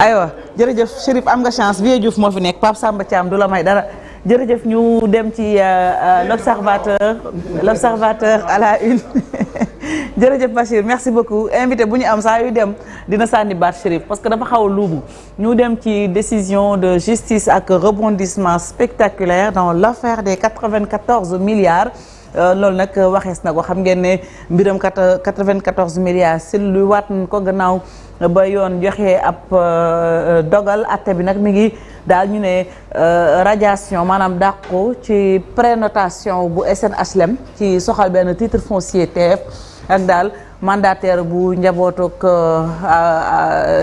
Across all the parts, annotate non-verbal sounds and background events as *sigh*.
aywa jërëjëf Chérif am nga chance Vieux Diouf moo fi nekk Pape Samba Thiam du la may dara jërëjëf ñu dem ci euh, euh, l'observateur l'observateur à la une *laughs* jërëjëf Bachir merci beaucoup invité bu ñu am saa yu dem dina sànni baat Chérif parce que dafa xaw a luubu ñu dem ci décision de justice ak rebondissement spectaculaire dans l'affaire des 94 milliards Euh, loolu nag waxees na ko xam ngeen ne mbiram quatre-vingt-quatorze milliards si luy waat ko gannaaw ba yoon joxe ab euh, dogal atte bi nag mi ngi daal ñu ne euh, radiation maanaam dàqu ci prénotation bu SNHLM ci soxal benn titre foncier TF ak daal mandataire bu njabootuk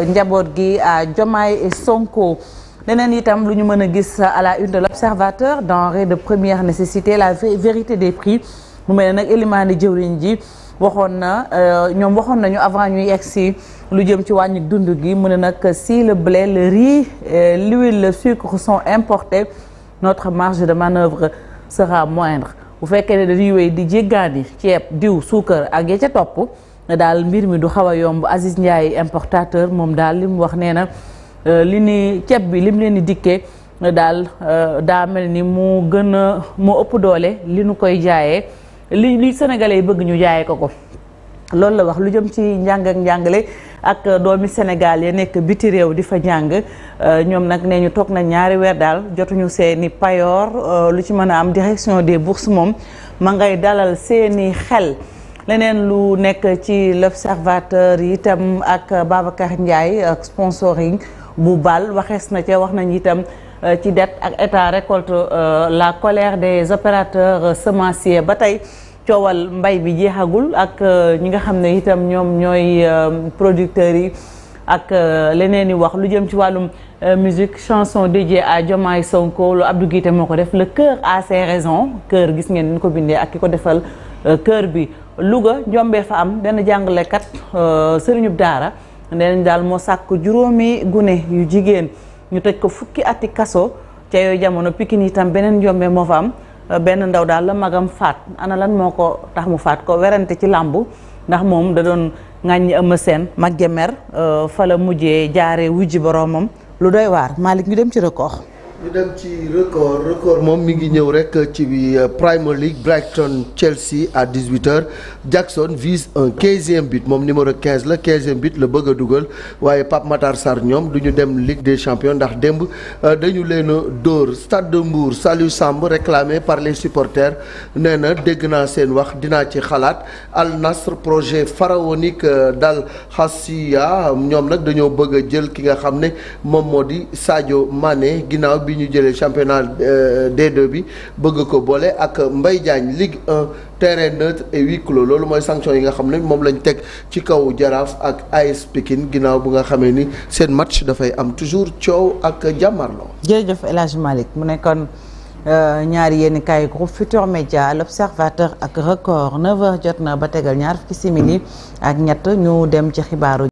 njaboot gi à Diomaye et Sonko leneen itam lu ñu mën a gis à la une de l'observateur denrée de première nécessité la vérité des prix mu mel ne éliment Elimane jëwriñ ji waxoon na euh, ñoom waxoon nañu avant ñuy egg si lu jëm ci wàññi dund gi mu ne nag si le blé le riz l'huile le sucre sont importés notre marge de manœuvre sera moindre bu fekkee ne dañuy wéy di jéggaani ceeb diw suukar ak ya ca topp daal mbir mi du xaw a yomb Aziz Ndiaye importateur moom daal li mu wax nee na Euh, li ni ceeb bi lim leen di dikkee euh, daal euh, daa mel ni mu gën a moo ëpp doole li nu koy jaayee li li sénégalais yi bëgg ñu jaayee ko ko. loolu la wax lu jëm ci njàng ak njàngale ak doomi senegal ya nekk biti réew di fa njàng ñoom nag nee ñu toog na ñaari weer daal jotuñu seeni payoor lu ci mën a am direction des bourses moom ma ngay dalal seeni xel leneen lu nekk ci l'observateur itam ak Babacar njaay ak sponsoring bu bal waxees na ce wax nañ itam euh, ci dette ak état récolte euh, la colère de opérateurs euh, semencier ba tey coowal mbay bi jeexagul ak ñi nga xam ne itam ñoom ñooy producteurs yi ak leneen i wax lu jëm ci wàllum musique chanson dédiée à Diomaye Sonko lu Abdou Guité moo ko def le cœur a ses raisons gis ngeen ni ko bindee ak ki ko defal kër bi Louga njombee fa am benn jàngalekat sëriñub daara neenañ daal moo sàkk juróomi gune yu jigéen ñu tëj ko fukki ati kaso ca yooyu jamono Pikine itam beneen njombe moo fa am benn ndaw daal la magam faat ana lan moo ko tax mu faat ko werante ci làmb ndax moom da doon ŋàññi Eumeu seen mag ja mer euh, fa mujjee jaare wujji boroomam lu doy waar Malick ñu dem ci record lu dem ci record record moom mi ngi ñëw rek ci Premier League Brighton Chelsea à 18h Jackson vise un 15e moom numéro 15 la 15e la bëgg a dugal waaye Pape Matar Sarr ñoom du ñu dem Ligue des champions ndax démb euh, dañu leen dóor Stade mbuur Mbour Saliou Samb réclamé par les supporters nee na dégg naa seen wax dinaa ci xalaat Al Nasr projet pharaonique euh, d'Al Hassia ñoom nag dañoo bëgg jël ki nga xam ne moom moo di Sadio Mané ginnaaw. bi ñu jëlee championnat euh, D2 bi bëgg ko boole ak Mbaye Diagne Ligue 1 terrain neutre et huis loolu mooy sanction yi nga xam ne moom lañ teg ci kaw Jaraaf ak AS Pikine ginnaaw bu nga xamee ni seen match dafay am toujours coow ak jàmmarloo. jërëjëf El Hadj Malick mu nekkoon euh, ñaari yéen kaay groupe Futur Média l'Observateur ak Record 9h jot na ba tegal ñaar fukki simili ak ñett ñu dem ci xibaaru.